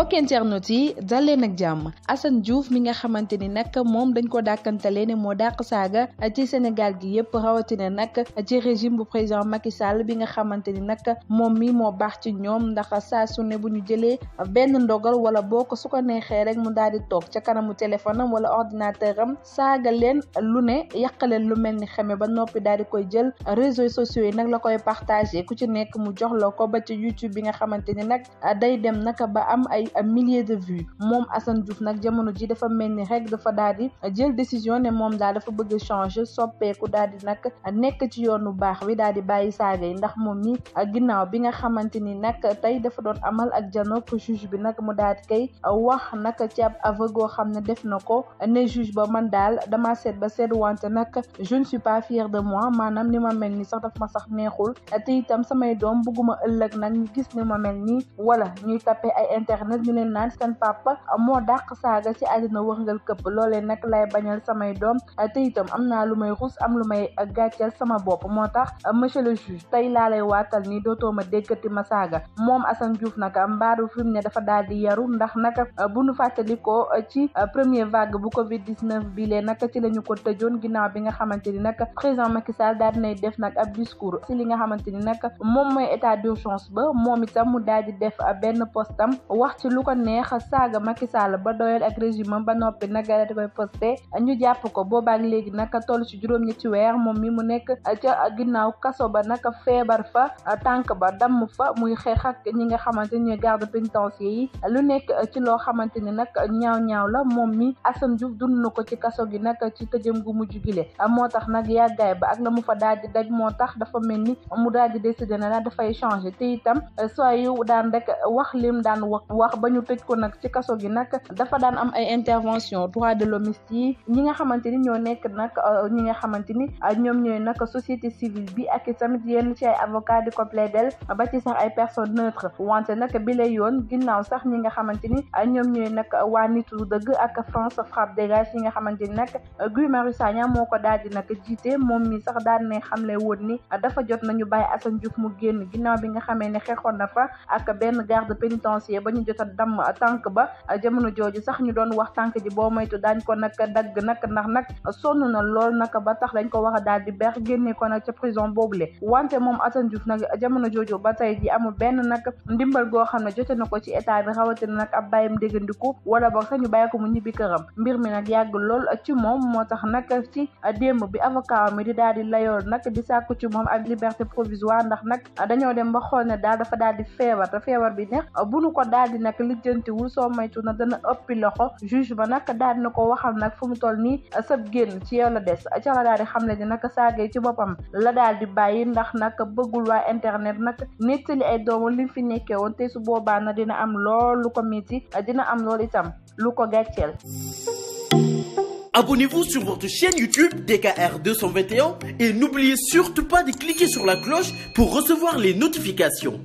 mbokk internautes yi dalleen ak jàmm Assane Diouf mi nga xamante ni nag moom dañ ko dàkkantale ne moo dàq saaga ci Sénégal gi yëpp rawatina nag ci régime bu président Macky Sall bi nga xamante ni nag moom mi moo baax ci ñoom ndax saa su ne bu ñu jëlee benn ndogal wala boo ko su ko neexee rek mu daal di toog ca kanamu téléphone am wala ordinateur am saaga leen lu ne yàq leen lu mel ni xeme ba noppi daal di koy jël réseaux sociaux yi nag la koy partage ku ci nekk mu jox la ko ba bi nga xamante ni nag a milliers de vues moom Assane Diouf nag jamono ji dafa mel ni rek dafa daal di jël décision ne moom daal dafa bëgg a changer soppeeku daal di nag nekk ci yoonu baax bi daal di bàyyi saaga yi ndax moom mi ginnaaw bi nga xamante ni nag tey dafa doon amal ak janook juge bi nag mu daal di koy wax nag ci ab goo xam ne def na ko ne ba man daal dama seet ba seet wante nag je ne suis pas fier de moi maanaam ni ma mel ni sax daf ma sax neexul a te itam samay doom bëgguma ëllëg nag ñu gis ni ma mel nii wala nag ñu leen naan seen papa moo dàq saaga ci àddina wërngal këpp loolee nag lay bañal samay doom te itam am naa lu may rus am lu may gàcceel sama bopp moo tax monsieur le juge tey laa lay waatal ni dootoo ma déggati ma saaga moom Assane Diouf nag mbaaru fi mu ne dafa daal di yaru ndax nag bu nu fàttalikoo ci première vague bu Covid 19 bi lee nag ci la ñu ko tëjoon ginnaaw bi nga xamante ni nag président Macky Sall daal dinay def nag ab discours ci li nga xamante ni nag moom mooy état d'urgence ba moom itam mu daal di def benn postam si lu ko neex saaga Macky Sall ba doyal ak régime ba noppi nag daal di koy posté ñu jàpp ko boobaak léegi nag toll ci juróom moom mi mu nekk ca ginnaaw kaso ba nag feebar fa tànk ba damm fa muy xeex ñi nga xamante ni garde pénitentiaire yi lu nekk ci loo xamante ni nag ñaaw-ñaaw la moom mi Assane Diouf dund na ko ci kaso gi nag ci tëjëm gu mujj gile moo tax nag yàggaay ba ak la mu fa daal di daj moo tax dafa mel ni mu daal di décidé na dafay changé te itam soo yu daan rek wax lim daan wax wax ba ñu tëj ko nag ci kaso gi nag dafa daan am ay intervention droit de l'homme yi ñi nga xamante ni ñoo nekk nag euh, ñi nga xamante ni euh, ñoom ñooy nag société civile bi ak tamit yenn ci ay avocat di ko plaidel ba ci sax ay personne neutre wante nag bi lay yoon ginnaaw sax ñi nga xamante ni euh, ñoom ñooy nag waa nitu dëgg ak France frappe dégage yi nga xamante ni nag Guy Marius Sagna moo ko daal di nag jiite moom mi sax daan ne xam xamle woon ni dafa jot nañu bàyyi Assane Diouf mu génn ginnaaw bi nga xamee ne xeexoon na fa ak benn garde pénitentiaire ba ñu jot ta damm tànk ba jamono jooju sax ñu doon wax tànk ji boo moytu daañ ko nag dagg nag ndax nag sonn na lool nag ba tax dañ ko wax daal di beex génne ko nag ca prison boobule wante moom Assane Diouf nag jamono jooju ba tey ji amul benn nag ndimbal goo xam ne jote na ko ci état bi rawatina nag ab bàyyim déggandiku wala boo sax ñu bay ko mu ñibbi këram mbir mi nag yàgg lool ci moom moo tax nag ci démb bi avocat mi di daal di layool nak di sàkku ci moom ak liberté provisoire ndax nag dañoo dem ba xool ne daal dafa daal di feebar te feebar bi ne bu nag lijjantiwul soo maytu na dana ëppi loxo juge ba nag daal na ko waxal nag fu mu toll nii sab génn ci yow la des ca la daal di xam le ni nag saagay ci boppam la daal di bàyyi ndax nag bëggul waa internet nag nettali ay doomam li fi nekkee woon te su boobaa na dina am lool lu ko metti dina am lool itam lu ko gàcceel Abonnez-vous sur votre chaîne YouTube DKR et n'oubliez surtout pas de cliquer sur la cloche pour recevoir les notifications.